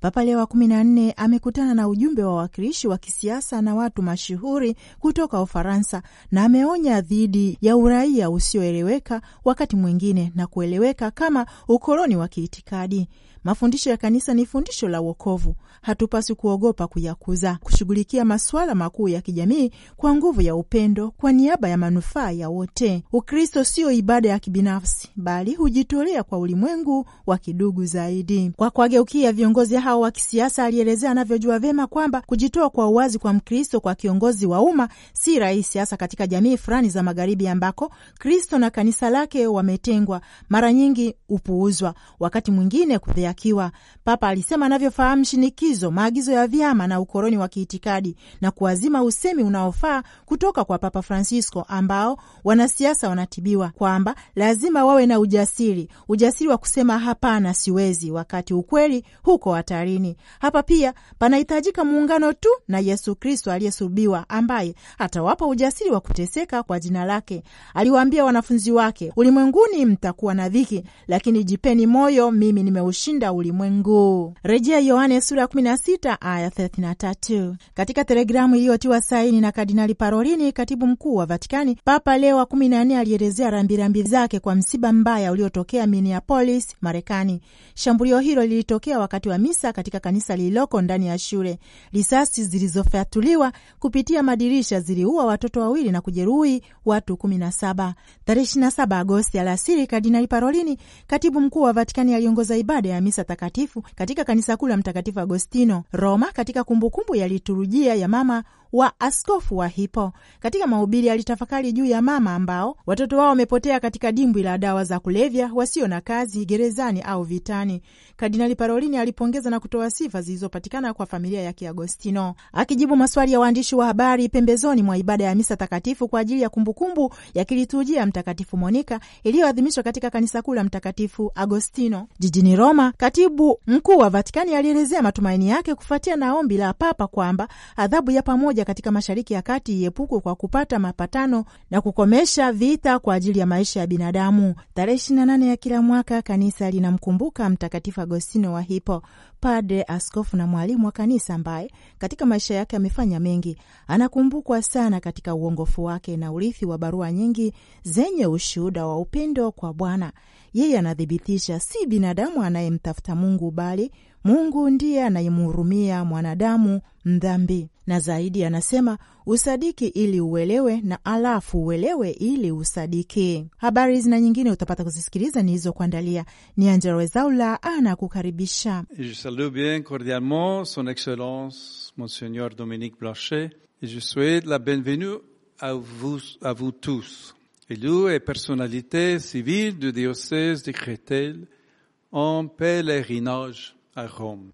Papa Leo wa kumi na nne amekutana na ujumbe wa wawakilishi wa kisiasa na watu mashuhuri kutoka Ufaransa na ameonya dhidi ya uraia usioeleweka wakati mwingine na kueleweka kama ukoloni wa kiitikadi. Mafundisho ya kanisa ni fundisho la wokovu. Hatupaswi kuogopa kuyakuza, kushughulikia masuala makuu ya kijamii kwa nguvu ya upendo, kwa niaba ya manufaa ya wote. Ukristo sio ibada ya kibinafsi, bali hujitolea kwa ulimwengu wa kidugu zaidi. Kwa kuwageukia viongozi hao wa kisiasa, alielezea anavyojua vyema kwamba kujitoa kwa uwazi kwa Mkristo kwa kiongozi wa umma si rahisi, hasa katika jamii fulani za Magharibi ambako Kristo na kanisa lake wametengwa, mara nyingi upuuzwa, wakati mwingine kudhea kutakiwa. Papa alisema anavyofahamu shinikizo, maagizo ya vyama na ukoloni wa kiitikadi, na kuwazima usemi unaofaa kutoka kwa Papa Francisco ambao wanasiasa wanatibiwa, kwamba lazima wawe na ujasiri, ujasiri wa kusema hapana, siwezi, wakati ukweli huko hatarini. Hapa pia panahitajika muungano tu na Yesu Kristo aliyesulubiwa, ambaye atawapa ujasiri wa kuteseka kwa jina lake. Aliwaambia wanafunzi wake, ulimwenguni mtakuwa na dhiki, lakini jipeni moyo, mimi nimeushinda kushinda ulimwengu, rejea Yohane sura 16 aya 33. Katika telegramu iliyotiwa saini na Kardinali Parolini, katibu mkuu wa Vatikani, Papa Leo wa 14 alielezea rambirambi zake kwa msiba mbaya uliotokea Minneapolis, Marekani. Shambulio hilo lilitokea wakati wa misa katika kanisa lililoko ndani ya shule. Risasi zilizofyatuliwa kupitia madirisha ziliua watoto wawili na kujeruhi watu 17. Tarehe 27 Agosti alasiri, Kardinali Parolini, katibu mkuu wa Vatikani, aliongoza ibada ya misa takatifu katika kanisa kuu la Mtakatifu Agostino Roma, katika kumbukumbu ya liturujia ya mama wa askofu wa Hippo. Katika mahubiri alitafakari juu ya mama ambao watoto wao wamepotea katika dimbwi la dawa za kulevya, wasio na kazi, gerezani au vitani. Kardinali Parolini alipongeza na kutoa sifa zilizopatikana kwa familia ya Kiagostino. Akijibu maswali ya waandishi wa habari pembezoni mwa ibada ya misa takatifu kwa ajili ya kumbukumbu ya kiliturujia Mtakatifu Monika iliyoadhimishwa katika kanisa kuu la Mtakatifu Agostino jijini Roma, katibu mkuu wa Vatikani alielezea matumaini yake kufuatia na ombi la Papa kwamba adhabu ya pamoja pamoja katika Mashariki ya Kati iepukwe kwa kupata mapatano na kukomesha vita kwa ajili ya maisha ya binadamu. Tarehe ishirini na nane ya kila mwaka kanisa linamkumbuka Mtakatifu Agostino wa Hippo, padre, askofu na mwalimu wa kanisa ambaye katika maisha yake amefanya mengi. Anakumbukwa sana katika uongofu wake na urithi wa barua nyingi zenye ushuhuda wa upendo kwa Bwana. Yeye anathibitisha si binadamu anayemtafuta Mungu, bali Mungu ndiye anayemhurumia mwanadamu mdhambi na zaidi anasema usadiki ili uelewe na alafu uelewe ili usadiki. Habari zina nyingine utapata kuzisikiliza nilizokuandalia. Ni Angela Rwezaula anakukaribisha. Je salue bien cordialement son excellence Monseigneur Dominique Blanchet et je souhaite la bienvenue a vous, a vous tous élus et personnalités civiles du diocèse de Créteil en pèlerinage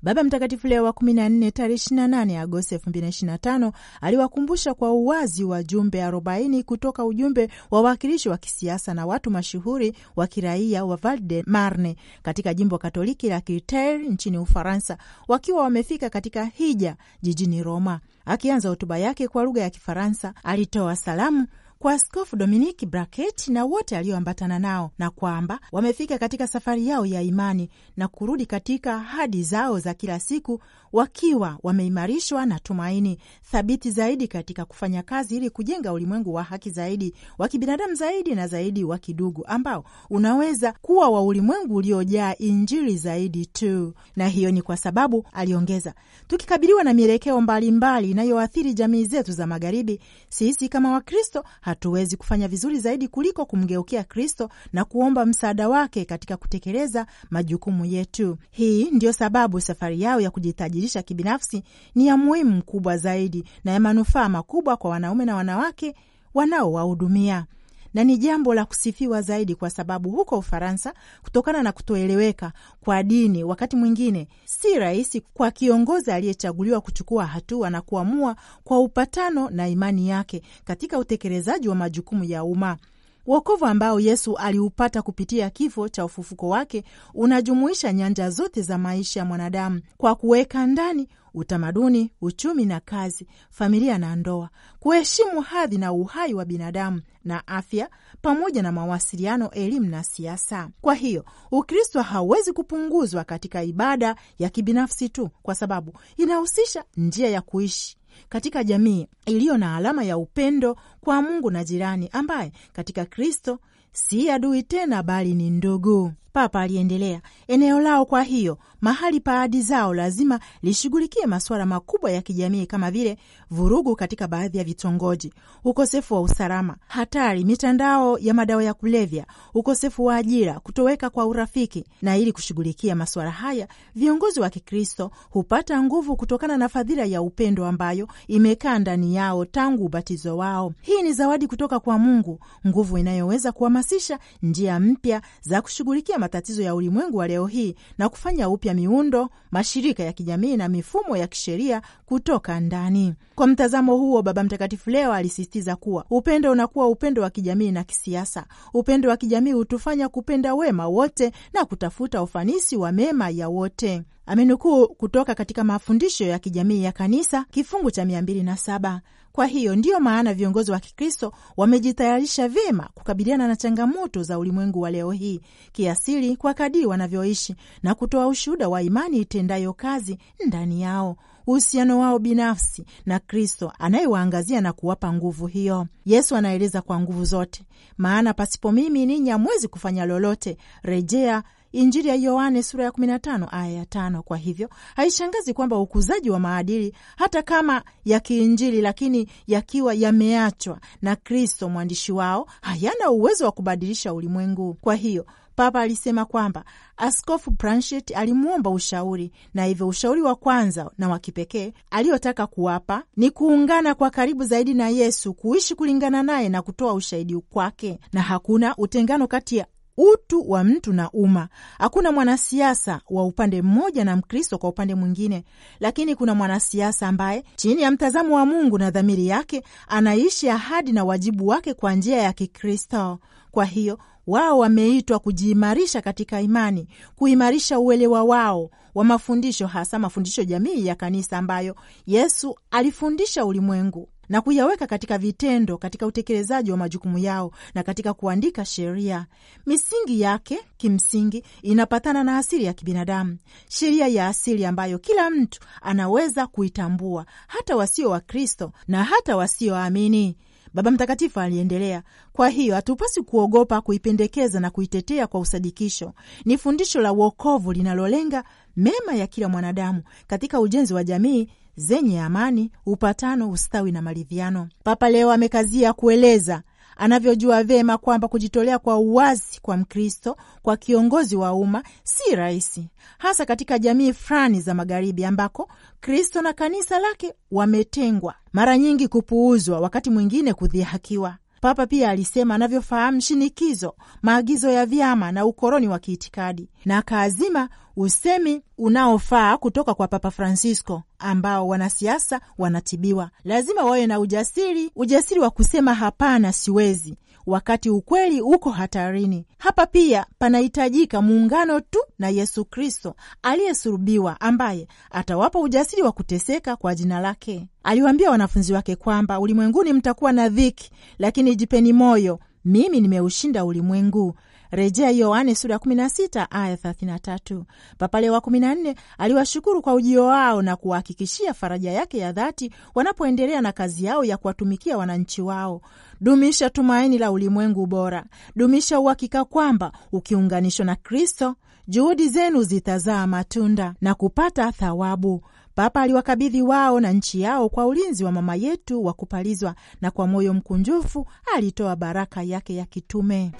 Baba Mtakatifu Leo wa 14 tarehe 28 Agosti 2025 aliwakumbusha kwa uwazi wajumbe 40 kutoka ujumbe wa wawakilishi wa kisiasa na watu mashuhuri wa kiraia wa Val de Marne katika jimbo katoliki la Kilter nchini Ufaransa, wakiwa wamefika katika hija jijini Roma. Akianza hotuba yake kwa lugha ya Kifaransa, alitoa salamu kwa Askofu Dominik Braket na wote alioambatana nao, na kwamba wamefika katika safari yao ya imani na kurudi katika ahadi zao za kila siku wakiwa wameimarishwa na tumaini thabiti zaidi katika kufanya kazi ili kujenga ulimwengu wa haki zaidi wa kibinadamu zaidi na zaidi wa kidugu ambao unaweza kuwa wa ulimwengu uliojaa Injili zaidi tu. Na hiyo ni kwa sababu, aliongeza, tukikabiliwa na mielekeo mbalimbali inayoathiri jamii zetu za Magharibi, sisi kama Wakristo hatuwezi kufanya vizuri zaidi kuliko kumgeukia Kristo na kuomba msaada wake katika kutekeleza majukumu yetu. Hii ndiyo sababu safari yao ya kujitaji kujiridhisha kibinafsi ni ya muhimu mkubwa zaidi na ya manufaa makubwa kwa wanaume na wanawake wanaowahudumia na ni jambo la kusifiwa zaidi kwa sababu huko Ufaransa, kutokana na kutoeleweka kwa dini, wakati mwingine si rahisi kwa kiongozi aliyechaguliwa kuchukua hatua na kuamua kwa upatano na imani yake katika utekelezaji wa majukumu ya umma. Wokovu ambao Yesu aliupata kupitia kifo cha ufufuko wake unajumuisha nyanja zote za maisha ya mwanadamu kwa kuweka ndani utamaduni, uchumi na kazi, familia na ndoa, kuheshimu hadhi na uhai wa binadamu na afya, pamoja na mawasiliano, elimu na siasa. Kwa hiyo Ukristo hauwezi kupunguzwa katika ibada ya kibinafsi tu, kwa sababu inahusisha njia ya kuishi katika jamii iliyo na alama ya upendo kwa Mungu na jirani, ambaye katika Kristo si adui tena, bali ni ndugu. Papa aliendelea, eneo lao, kwa hiyo mahali pa ahadi zao, lazima lishughulikie masuala makubwa ya kijamii kama vile vurugu katika baadhi ya vitongoji, ukosefu wa usalama, hatari, mitandao ya madawa ya kulevya, ukosefu wa ajira, kutoweka kwa urafiki. Na ili kushughulikia masuala haya, viongozi wa Kikristo hupata nguvu kutokana na fadhila ya upendo ambayo imekaa ndani yao tangu ubatizo wao. Hii ni zawadi kutoka kwa Mungu, nguvu inayoweza kuhamasisha njia mpya za kushughulikia matatizo ya ulimwengu wa leo hii na kufanya upya miundo, mashirika ya kijamii na mifumo ya kisheria kutoka ndani. Kwa mtazamo huo, Baba Mtakatifu leo alisisitiza kuwa upendo unakuwa upendo wa kijamii na kisiasa. Upendo wa kijamii hutufanya kupenda wema wote na kutafuta ufanisi wa mema ya wote. Amenukuu kutoka katika mafundisho ya kijamii ya Kanisa, kifungu cha mia mbili na saba. Kwa hiyo ndiyo maana viongozi wa Kikristo wamejitayarisha vyema kukabiliana na changamoto za ulimwengu wa leo hii kiasili kwa kadiri wanavyoishi na kutoa ushuhuda wa imani itendayo kazi ndani yao, uhusiano wao binafsi na Kristo anayewaangazia na kuwapa nguvu hiyo. Yesu anaeleza kwa nguvu zote, maana pasipo mimi ninyi hamwezi kufanya lolote, rejea Injili ya Yohane sura ya 15 aya ya 5. Kwa hivyo haishangazi kwamba ukuzaji wa maadili hata kama ya kiinjili, lakini yakiwa yameachwa na Kristo mwandishi wao, hayana uwezo wa kubadilisha ulimwengu. Kwa hiyo Papa alisema kwamba Askofu Pranshet alimwomba ushauri, na hivyo ushauri wa kwanza na wa kipekee aliyotaka kuwapa ni kuungana kwa karibu zaidi na Yesu, kuishi kulingana naye na kutoa ushahidi kwake, na hakuna utengano kati ya utu wa mtu na umma. Hakuna mwanasiasa wa upande mmoja na Mkristo kwa upande mwingine, lakini kuna mwanasiasa ambaye chini ya mtazamo wa Mungu na dhamiri yake anaishi ahadi na wajibu wake kwa njia ya Kikristo. Kwa hiyo wao wameitwa kujiimarisha katika imani, kuimarisha uelewa wao wa mafundisho, hasa mafundisho jamii ya kanisa ambayo Yesu alifundisha ulimwengu na kuyaweka katika vitendo katika utekelezaji wa majukumu yao na katika kuandika sheria. Misingi yake kimsingi inapatana na asili ya kibinadamu, sheria ya asili ambayo kila mtu anaweza kuitambua, hata wasio Wakristo na hata wasioamini. Baba Mtakatifu aliendelea, kwa hiyo hatupasi kuogopa kuipendekeza na kuitetea kwa usadikisho. Ni fundisho la uokovu linalolenga mema ya kila mwanadamu katika ujenzi wa jamii zenye amani, upatano, ustawi na maridhiano. Papa leo amekazia kueleza anavyojua vema kwamba kujitolea kwa uwazi kwa Mkristo kwa kiongozi wa umma si rahisi, hasa katika jamii fulani za Magharibi ambako Kristo na kanisa lake wametengwa, mara nyingi kupuuzwa, wakati mwingine kudhihakiwa. Papa pia alisema anavyofahamu shinikizo, maagizo ya vyama na ukoloni wa kiitikadi, na akaazima usemi unaofaa kutoka kwa Papa Francisco ambao wanasiasa wanatibiwa. Lazima wawe na ujasiri, ujasiri wa kusema hapana, siwezi, wakati ukweli uko hatarini. Hapa pia panahitajika muungano tu na Yesu Kristo aliyesulubiwa, ambaye atawapa ujasiri wa kuteseka kwa jina lake. Aliwaambia wanafunzi wake kwamba ulimwenguni mtakuwa na dhiki, lakini jipeni moyo, mimi nimeushinda ulimwengu. Rejea Yohane sura ya 16 aya 33. Papa Leo wa 14 aliwashukuru kwa ujio wao na kuwahakikishia faraja yake ya dhati wanapoendelea na kazi yao ya kuwatumikia wananchi wao. Dumisha tumaini la ulimwengu bora, dumisha uhakika kwamba ukiunganishwa na Kristo juhudi zenu zitazaa matunda na kupata thawabu. Papa aliwakabidhi wao na nchi yao kwa ulinzi wa mama yetu wa kupalizwa, na kwa moyo mkunjufu alitoa baraka yake ya kitume.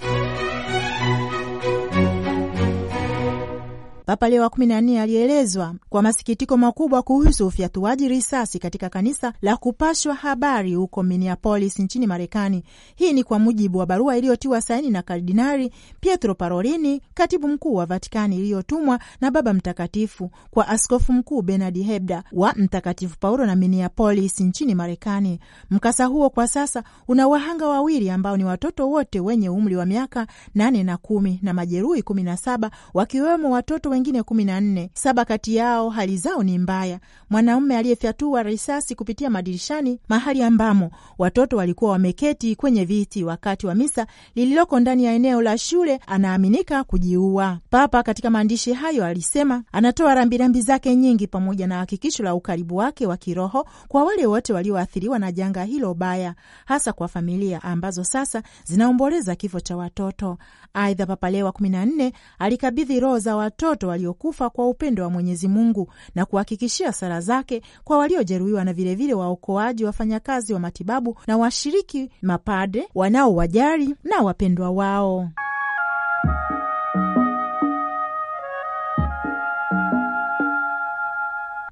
Papa Leo wa kumi na nne alielezwa kwa masikitiko makubwa kuhusu ufyatuaji risasi katika kanisa la kupashwa habari huko Minneapolis nchini Marekani. Hii ni kwa mujibu wa barua iliyotiwa saini na kardinari Pietro Parolini, katibu mkuu wa Vatikani, iliyotumwa na Baba Mtakatifu kwa askofu mkuu Bernard Hebda wa Mtakatifu Paulo na Minneapolis nchini Marekani. Mkasa huo kwa sasa una wahanga wawili ambao ni watoto wote wenye umri wa miaka nane na kumi na majeruhi kumi na saba wakiwemo watoto wengine kumi na nne, saba kati yao hali zao ni mbaya. Mwanaume aliyefyatua risasi kupitia madirishani mahali ambamo watoto walikuwa wameketi kwenye viti wakati wa misa lililoko ndani ya eneo la shule anaaminika kujiua. Papa katika maandishi hayo alisema anatoa rambirambi zake nyingi pamoja na hakikisho la ukaribu wake wa kiroho kwa wale wote walioathiriwa na janga hilo baya, hasa kwa familia ambazo sasa zinaomboleza kifo cha watoto. Aidha, Papa Leo wa kumi na nne alikabidhi roho za watoto watoto waliokufa kwa upendo wa Mwenyezi Mungu na kuhakikishia sala zake kwa waliojeruhiwa na vilevile waokoaji, wafanyakazi wa matibabu na washiriki mapade wanaowajali na wapendwa wao.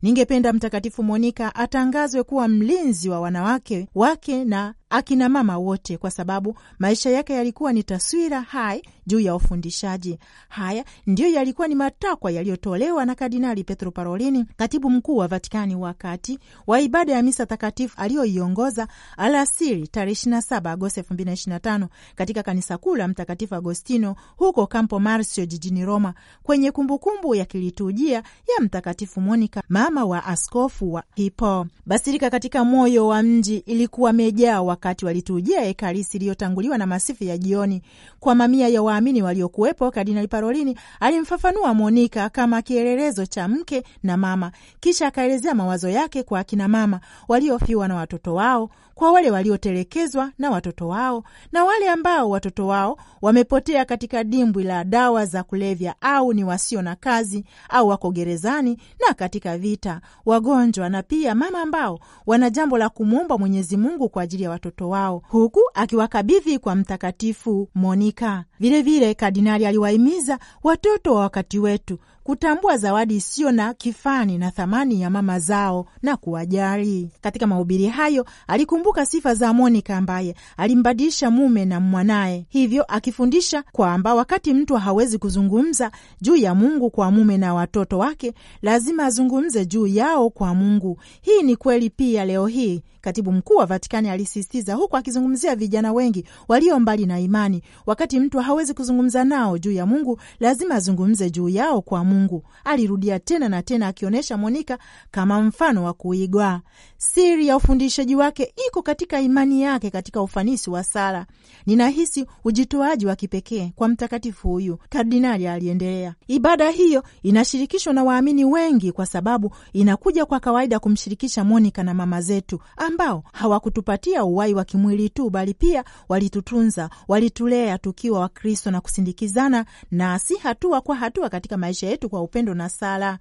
Ningependa Mtakatifu Monika atangazwe kuwa mlinzi wa wanawake wake na akina mama wote, kwa sababu maisha yake yalikuwa ni taswira hai juu ya ufundishaji. Haya ndiyo yalikuwa ni matakwa yaliyotolewa na Kardinali Petro Parolini, katibu mkuu wa Vatikani, wakati wa ibada ya misa takatifu aliyoiongoza alasiri tarehe 27 Agosti 2025 katika kanisa kuu la Mtakatifu Agostino huko Campo Marzio jijini Roma, kwenye kumbukumbu ya kiliturujia ya Mtakatifu Monica, mama wa askofu wa Hippo. Basilika katika moyo wa mji ilikuwa mejaa wakati walitujia ekaristi iliyotanguliwa na masifu ya jioni kwa mamia ya waamini waliokuwepo, Kardinali Parolini alimfafanua Monika kama kielelezo cha mke na mama, kisha akaelezea mawazo yake kwa akina mama waliofiwa na watoto wao, kwa wale waliotelekezwa na watoto wao, na wale ambao watoto wao wamepotea katika dimbwi la dawa za kulevya, au ni wasio na kazi, au wako gerezani na katika vita, wagonjwa, na pia mama ambao wana jambo la kumwomba Mwenyezi Mungu kwa ajili ya watoto watoto wao huku akiwakabidhi kwa Mtakatifu Monika. Vilevile kardinali aliwahimiza watoto wa wakati wetu kutambua zawadi isiyo na kifani na thamani ya mama zao na kuwajali. Katika mahubiri hayo alikumbuka sifa za Monika ambaye alimbadilisha mume na mwanaye, hivyo akifundisha kwamba wakati mtu hawezi kuzungumza juu ya Mungu kwa mume na watoto wake, lazima azungumze juu yao kwa Mungu. Hii ni kweli pia leo hii Katibu mkuu wa Vatikani alisisitiza huku akizungumzia vijana wengi walio mbali na imani. Wakati mtu hawezi kuzungumza nao juu ya Mungu, lazima azungumze juu yao kwa Mungu, alirudia tena na tena, akionyesha Monika kama mfano wa kuigwa. Siri ya ufundishaji wake iko katika imani yake katika ufanisi wa sala. Ninahisi ujitoaji wa kipekee kwa mtakatifu huyu, kardinali aliendelea. Ibada hiyo inashirikishwa na waamini wengi kwa sababu inakuja kwa kawaida kumshirikisha Monika na mama zetu ambao hawakutupatia uwai wa kimwili tu, bali pia walitutunza, walitulea tukiwa Wakristo na kusindikizana nasi hatua kwa hatua katika maisha yetu kwa upendo na sala.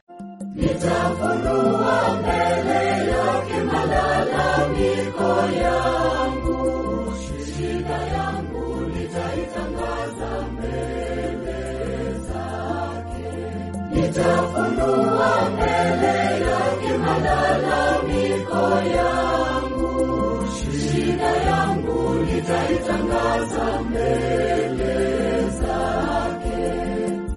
Nitafunua mbele yake malalamiko yangu nitafunua mbele yake malalamiko yangu, shida yangu nitaitangaza mbele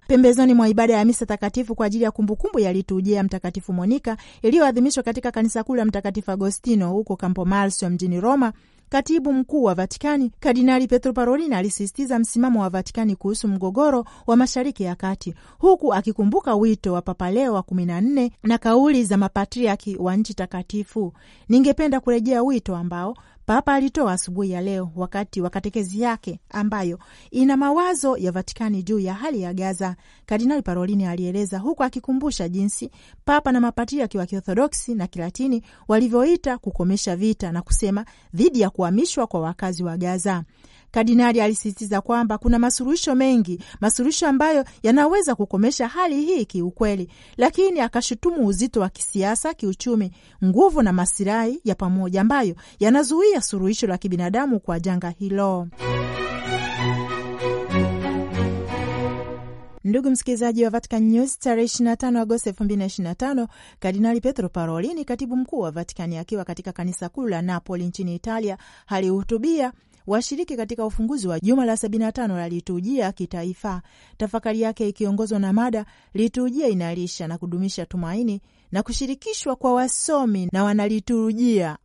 Pembezoni mwa ibada ya misa takatifu kwa ajili ya kumbukumbu ya liturujia ya Mtakatifu Monika iliyoadhimishwa katika kanisa kuu la Mtakatifu Agostino huko Campo Marzio mjini Roma Katibu mkuu wa Vatikani Kardinali Petro Parolin alisisitiza msimamo wa Vatikani kuhusu mgogoro wa Mashariki ya Kati, huku akikumbuka wito wa Papa Leo wa kumi na nne na kauli za mapatriaki wa nchi takatifu. Ningependa kurejea wito ambao Papa alitoa asubuhi ya leo wakati wa katekezi yake ambayo ina mawazo ya Vatikani juu ya hali ya Gaza. Kardinali Parolini alieleza huku akikumbusha jinsi Papa na mapatriaki wa Kiorthodoksi na Kilatini walivyoita kukomesha vita na kusema dhidi ya kuhamishwa kwa wakazi wa Gaza. Kardinali alisisitiza kwamba kuna masuluhisho mengi, masuluhisho ambayo yanaweza kukomesha hali hii kiukweli, lakini akashutumu uzito wa kisiasa, kiuchumi, nguvu na masilahi ya pamoja ambayo yanazuia suluhisho la kibinadamu kwa janga hilo. Ndugu msikilizaji wa Vatican News, tarehe 25 Agosti 2025, Kardinali Petro Parolini, katibu mkuu wa Vatikani, akiwa katika kanisa kuu la Napoli nchini Italia, alihutubia Washiriki katika ufunguzi wa juma la 75 la liturujia kitaifa, tafakari yake ikiongozwa na mada liturujia inalisha na kudumisha tumaini, na kushirikishwa kwa wasomi na wanaliturujia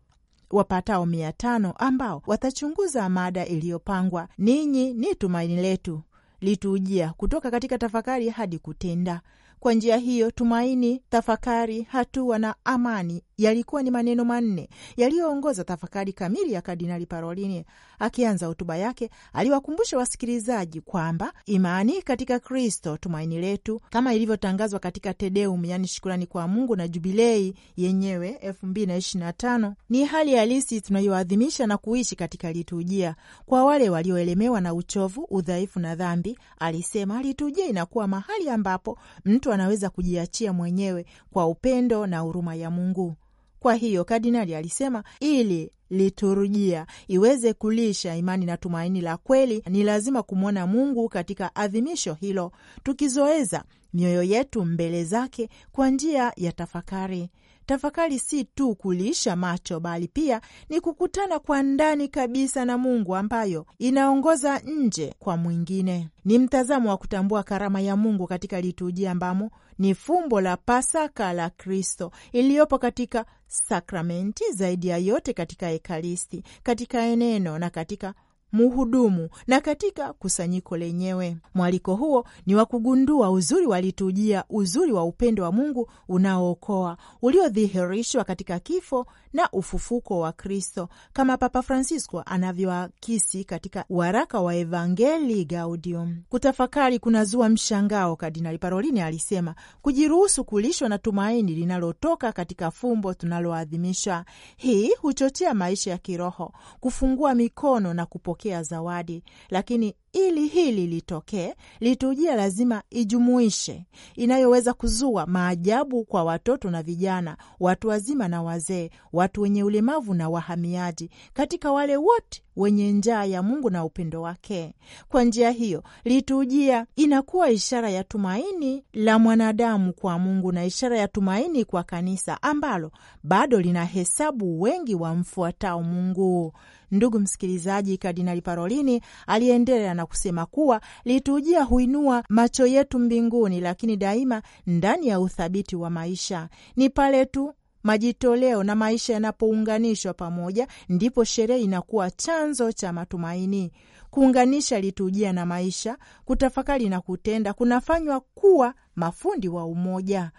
wapatao mia tano ambao watachunguza mada iliyopangwa ninyi ni tumaini letu liturujia, kutoka katika tafakari hadi kutenda. Kwa njia hiyo, tumaini, tafakari, hatua na amani yalikuwa ni maneno manne yaliyoongoza tafakari kamili ya Kardinali Parolini. Akianza hotuba yake, aliwakumbusha wasikilizaji kwamba imani katika Kristo tumaini letu, kama ilivyotangazwa katika Tedeum, yani shukurani kwa Mungu, na Jubilei yenyewe 2025 ni hali halisi tunayoadhimisha na kuishi katika liturujia. Kwa wale walioelemewa na uchovu, udhaifu na dhambi, alisema liturujia inakuwa mahali ambapo mtu anaweza kujiachia mwenyewe kwa upendo na huruma ya Mungu. Kwa hiyo kardinali alisema ili liturujia iweze kulisha imani na tumaini la kweli, ni lazima kumwona Mungu katika adhimisho hilo, tukizoeza mioyo yetu mbele zake kwa njia ya tafakari. Tafakari si tu kuliisha macho, bali pia ni kukutana kwa ndani kabisa na Mungu, ambayo inaongoza nje kwa mwingine. Ni mtazamo wa kutambua karama ya Mungu katika liturujia, ambamo ni fumbo la Pasaka la Kristo iliyopo katika sakramenti, zaidi ya yote katika Ekaristi, katika eneno na katika mhudumu na katika kusanyiko lenyewe. Mwaliko huo ni wa kugundua uzuri wa liturujia, uzuri wa upendo wa Mungu unaookoa uliodhihirishwa katika kifo na ufufuko wa Kristo, kama Papa Francisco anavyoakisi katika waraka wa Evangelii Gaudium. Kutafakari kunazua mshangao, Kardinali Parolini alisema, kujiruhusu kulishwa na tumaini linalotoka katika fumbo tunaloadhimisha. Hii huchochea maisha ya kiroho, kufungua mikono na kupo kupokea zawadi, lakini ili hili litokee, liturujia lazima ijumuishe inayoweza kuzua maajabu kwa watoto na vijana, watu wazima na wazee, watu wenye ulemavu na wahamiaji, katika wale wote wenye njaa ya Mungu na upendo wake. Kwa njia hiyo, liturujia inakuwa ishara ya tumaini la mwanadamu kwa Mungu na ishara ya tumaini kwa kanisa ambalo bado linahesabu wengi wamfuatao Mungu. Ndugu msikilizaji, Kardinali Parolini aliendelea na kusema kuwa liturujia huinua macho yetu mbinguni, lakini daima ndani ya uthabiti wa maisha. Ni pale tu majitoleo na maisha yanapounganishwa pamoja, ndipo sherehe inakuwa chanzo cha matumaini. Kuunganisha liturujia na maisha, kutafakari na kutenda kunafanywa kuwa mafundi wa umoja.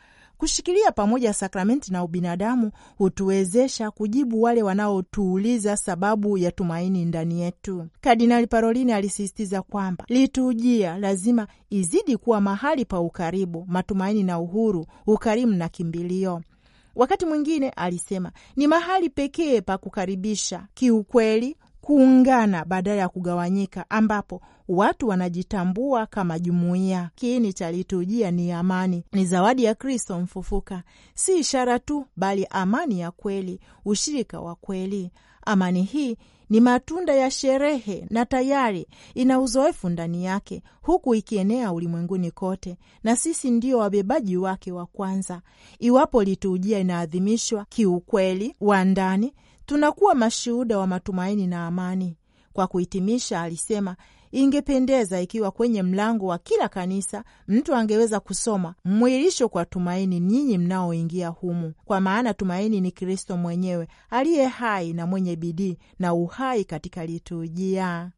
Kushikilia pamoja sakramenti na ubinadamu hutuwezesha kujibu wale wanaotuuliza sababu ya tumaini ndani yetu. Kardinali Parolini alisisitiza kwamba liturujia lazima izidi kuwa mahali pa ukaribu, matumaini na uhuru, ukarimu na kimbilio. Wakati mwingine alisema ni mahali pekee pa kukaribisha kiukweli kuungana badala ya kugawanyika, ambapo watu wanajitambua kama jumuiya. Kiini cha liturujia ni amani, ni zawadi ya Kristo mfufuka, si ishara tu, bali amani ya kweli, ushirika wa kweli. Amani hii ni matunda ya sherehe na tayari ina uzoefu ndani yake, huku ikienea ulimwenguni kote, na sisi ndio wabebaji wake wa kwanza. Iwapo liturujia inaadhimishwa kiukweli wa ndani tunakuwa mashuhuda wa matumaini na amani. Kwa kuhitimisha, alisema ingependeza ikiwa kwenye mlango wa kila kanisa mtu angeweza kusoma mwilisho kwa tumaini, nyinyi mnaoingia humu, kwa maana tumaini ni Kristo mwenyewe aliye hai na mwenye bidii na uhai katika liturujia.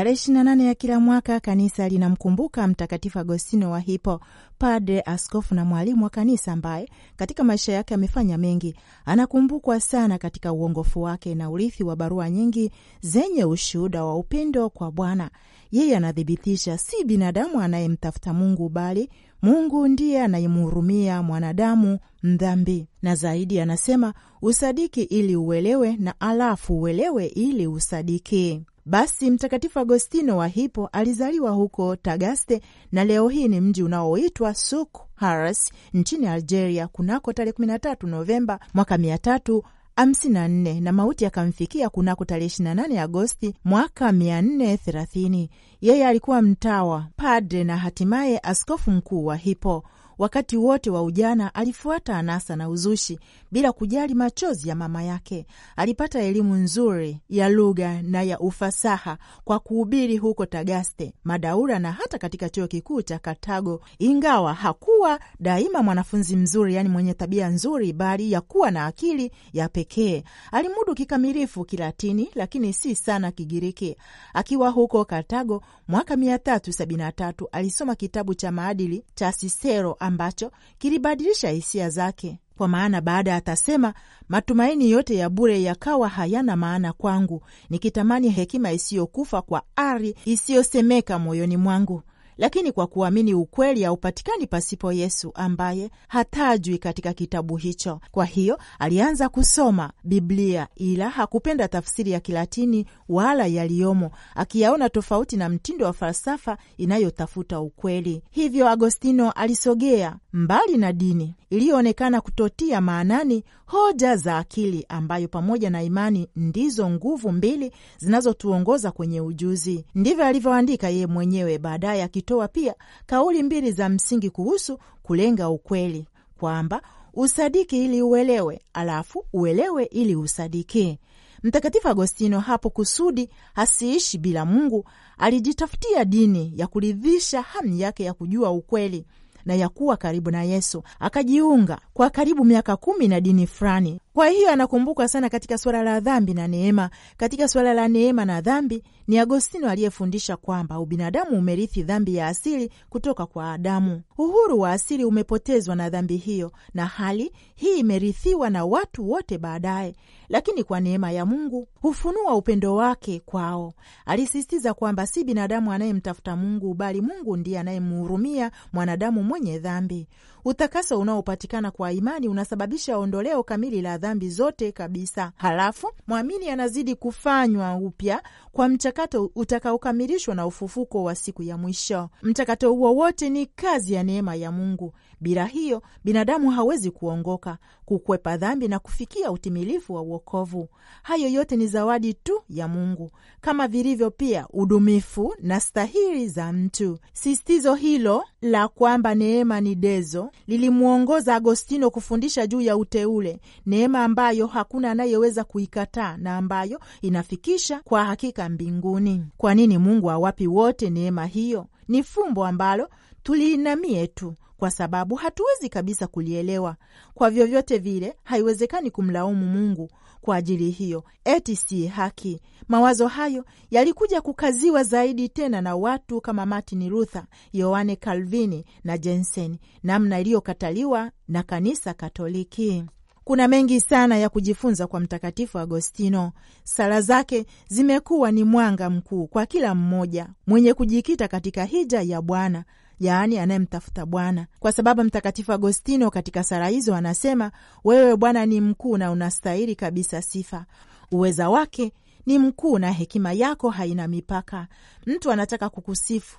Tarehe 28 ya kila mwaka kanisa linamkumbuka Mtakatifu Agostino wa Hippo, padre, askofu na mwalimu wa kanisa ambaye katika maisha yake amefanya mengi. Anakumbukwa sana katika uongofu wake na urithi wa barua nyingi zenye ushuhuda wa upendo kwa Bwana. Yeye anathibitisha si binadamu anayemtafuta Mungu bali Mungu ndiye anayemhurumia mwanadamu mdhambi. Na zaidi anasema usadiki ili uelewe, na alafu uelewe ili usadiki. Basi Mtakatifu Agostino wa hipo alizaliwa huko Tagaste na leo hii ni mji unaoitwa Souk Haras nchini Algeria kunako tarehe 13 Novemba mwaka 354 na mauti yakamfikia kunako tarehe 28 Agosti mwaka 430. Yeye alikuwa mtawa, padre na hatimaye askofu mkuu wa Hippo. Wakati wote wa ujana alifuata anasa na uzushi bila kujali machozi ya mama yake. Alipata elimu nzuri ya lugha na ya ufasaha kwa kuhubiri huko Tagaste, Madaura na hata katika chuo kikuu cha Kartago, ingawa hakuwa daima mwanafunzi mzuri, yaani mwenye tabia nzuri, bali ya kuwa na akili ya pekee. Alimudu kikamilifu Kilatini, lakini si sana Kigiriki. Akiwa huko Kartago mwaka 373 alisoma kitabu cha maadili cha Sisero ambacho kilibadilisha hisia zake, kwa maana baada atasema, matumaini yote ya bure yakawa hayana maana kwangu, nikitamani hekima isiyokufa kwa ari isiyosemeka moyoni mwangu lakini kwa kuamini ukweli haupatikani pasipo Yesu ambaye hatajwi katika kitabu hicho. Kwa hiyo alianza kusoma Biblia, ila hakupenda tafsiri ya Kilatini wala yaliyomo, akiyaona tofauti na mtindo wa falsafa inayotafuta ukweli. Hivyo Agostino alisogea mbali na dini iliyoonekana kutotia maanani hoja za akili, ambayo pamoja na imani ndizo nguvu mbili zinazotuongoza kwenye ujuzi. Ndivyo alivyoandika yeye mwenyewe baadaye kutoa pia kauli mbili za msingi kuhusu kulenga ukweli kwamba usadiki ili uelewe, alafu uelewe ili usadiki. Mtakatifu Agostino hapo kusudi hasiishi bila Mungu, alijitafutia dini ya kuridhisha hamu yake ya kujua ukweli na ya kuwa karibu na Yesu. Akajiunga kwa karibu miaka kumi na dini fulani. Kwa hiyo anakumbuka sana katika suala la dhambi na neema. Katika suala la neema na dhambi, ni Agostino aliyefundisha kwamba ubinadamu umerithi dhambi ya asili kutoka kwa Adamu. Uhuru wa asili umepotezwa na dhambi hiyo, na hali hii imerithiwa na watu wote baadaye, lakini kwa neema ya Mungu hufunua upendo wake kwao. Alisisitiza kwamba si binadamu anayemtafuta Mungu, bali Mungu ndiye anayemhurumia mwanadamu mwenye dhambi. Utakaso unaopatikana kwa imani unasababisha ondoleo kamili la dhambi zote kabisa. Halafu mwamini anazidi kufanywa upya kwa mchakato mchakato utakaokamilishwa na ufufuko wa siku ya mwisho. Mchakato huo wote ni kazi ya neema ya Mungu bila hiyo binadamu hawezi kuongoka, kukwepa dhambi na kufikia utimilifu wa uokovu. Hayo yote ni zawadi tu ya Mungu, kama vilivyo pia udumifu na stahili za mtu. Sisitizo hilo la kwamba neema ni dezo lilimwongoza Agostino kufundisha juu ya uteule, neema ambayo hakuna anayeweza kuikataa na ambayo inafikisha kwa hakika mbinguni. Kwa nini Mungu awapi wote neema hiyo? Ni fumbo ambalo tuliinamie tu kwa sababu hatuwezi kabisa kulielewa. Kwa vyovyote vile, haiwezekani kumlaumu Mungu kwa ajili hiyo, eti si haki. Mawazo hayo yalikuja kukaziwa zaidi tena na watu kama Martin Luther, Yohane Calvini na Jensen, namna iliyokataliwa na kanisa Katoliki. Kuna mengi sana ya kujifunza kwa Mtakatifu Agostino. Sala zake zimekuwa ni mwanga mkuu kwa kila mmoja mwenye kujikita katika hija ya Bwana, yaani anayemtafuta Bwana, kwa sababu Mtakatifu Agostino katika sala hizo anasema, wewe Bwana ni mkuu na unastahili kabisa sifa, uweza wake ni mkuu na hekima yako haina mipaka. Mtu anataka kukusifu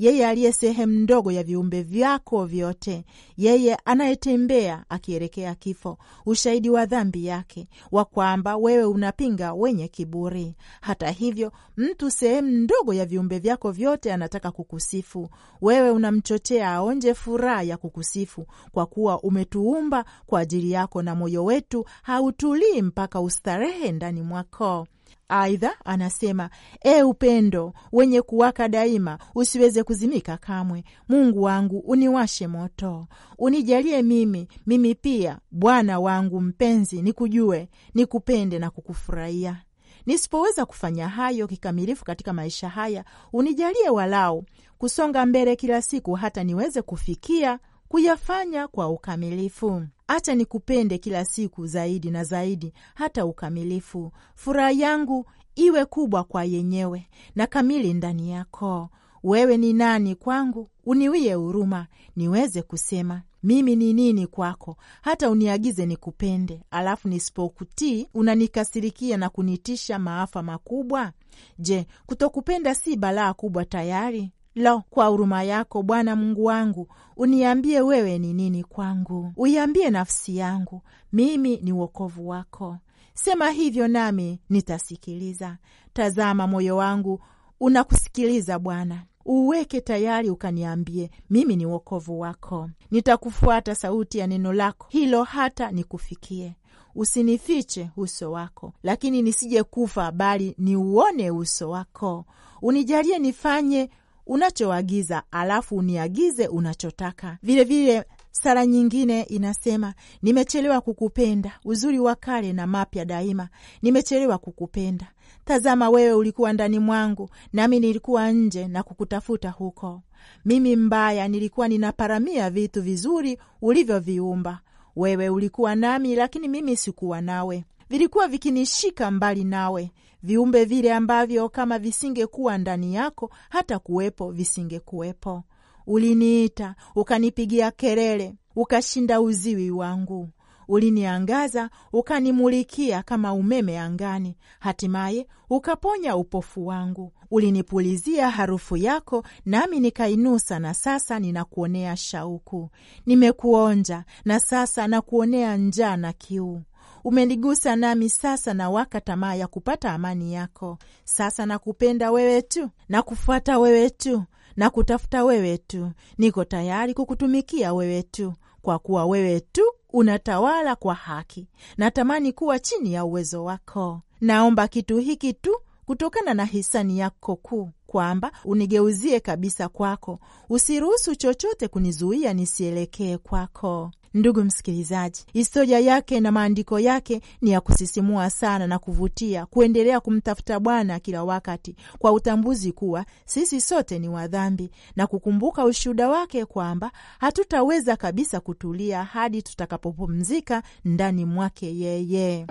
yeye aliye sehemu ndogo ya viumbe vyako vyote, yeye anayetembea akielekea kifo, ushahidi wa dhambi yake, wa kwamba wewe unapinga wenye kiburi. Hata hivyo, mtu sehemu ndogo ya viumbe vyako vyote anataka kukusifu wewe, unamchochea aonje furaha ya kukusifu, kwa kuwa umetuumba kwa ajili yako, na moyo wetu hautulii mpaka ustarehe ndani mwako. Aidha anasema e upendo wenye kuwaka daima, usiweze kuzimika kamwe. Mungu wangu, uniwashe moto, unijalie mimi mimi pia, Bwana wangu mpenzi, nikujue, nikupende na kukufurahia. Nisipoweza kufanya hayo kikamilifu katika maisha haya, unijalie walau kusonga mbele kila siku, hata niweze kufikia kuyafanya kwa ukamilifu. Acha nikupende kila siku zaidi na zaidi hata ukamilifu. Furaha yangu iwe kubwa kwa yenyewe na kamili ndani yako. Wewe ni nani kwangu? Uniwie huruma niweze kusema mimi ni nini kwako, hata uniagize nikupende, alafu nisipokutii unanikasirikia na kunitisha maafa makubwa? Je, kutokupenda si balaa kubwa tayari? Lo, kwa huruma yako Bwana Mungu wangu, uniambie wewe ni nini kwangu, uiambie nafsi yangu, mimi ni wokovu wako. Sema hivyo nami nitasikiliza. Tazama, moyo wangu unakusikiliza Bwana, uweke tayari ukaniambie, mimi ni wokovu wako. Nitakufuata sauti ya neno lako hilo, hata nikufikie. Usinifiche uso wako, lakini nisije kufa, bali niuone uso wako. Unijalie nifanye unachoagiza, alafu uniagize unachotaka vilevile vile. Sala nyingine inasema nimechelewa kukupenda, uzuri wa kale na mapya daima, nimechelewa kukupenda. Tazama, wewe ulikuwa ndani mwangu, nami nilikuwa nje na kukutafuta huko. Mimi mbaya nilikuwa ninaparamia vitu vizuri ulivyoviumba wewe. Ulikuwa nami, lakini mimi sikuwa nawe, vilikuwa vikinishika mbali nawe viumbe vile ambavyo kama visingekuwa ndani yako hata kuwepo visingekuwepo. Uliniita, ukanipigia kelele, ukashinda uziwi wangu. Uliniangaza, ukanimulikia kama umeme angani. Hatimaye ukaponya upofu wangu. Ulinipulizia harufu yako, nami nikainusa, na sasa ninakuonea shauku. Nimekuonja, na sasa nakuonea njaa na kiu umenigusa nami sasa na waka tamaa ya kupata amani yako. Sasa nakupenda wewe tu na kufuata wewe tu na kutafuta wewe tu, niko tayari kukutumikia wewe tu, kwa kuwa wewe tu unatawala kwa haki. Natamani kuwa chini ya uwezo wako. Naomba kitu hiki tu kutokana na hisani yako kuu, kwamba unigeuzie kabisa kwako. Usiruhusu chochote kunizuia nisielekee kwako. Ndugu msikilizaji, historia yake na maandiko yake ni ya kusisimua sana na kuvutia kuendelea kumtafuta Bwana kila wakati kwa utambuzi kuwa sisi sote ni wadhambi na kukumbuka ushuhuda wake kwamba hatutaweza kabisa kutulia hadi tutakapopumzika ndani mwake yeye.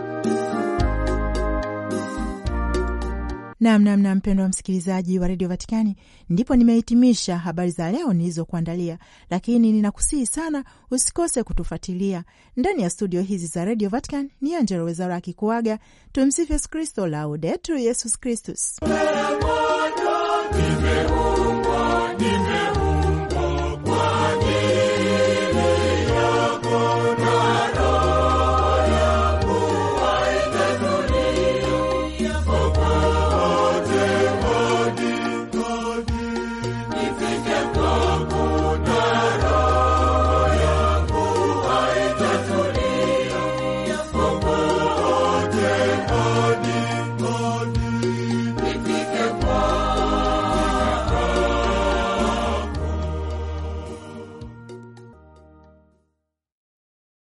Namnamna mpendo wa msikilizaji wa redio Vatikani, ndipo nimehitimisha habari za leo nilizokuandalia, lakini ninakusihi sana usikose kutufuatilia ndani ya studio hizi za redio Vatican. Ni Angelo Wezara akikuaga. Tumsifu Yesu Kristo, Laudetur Yesus Kristus.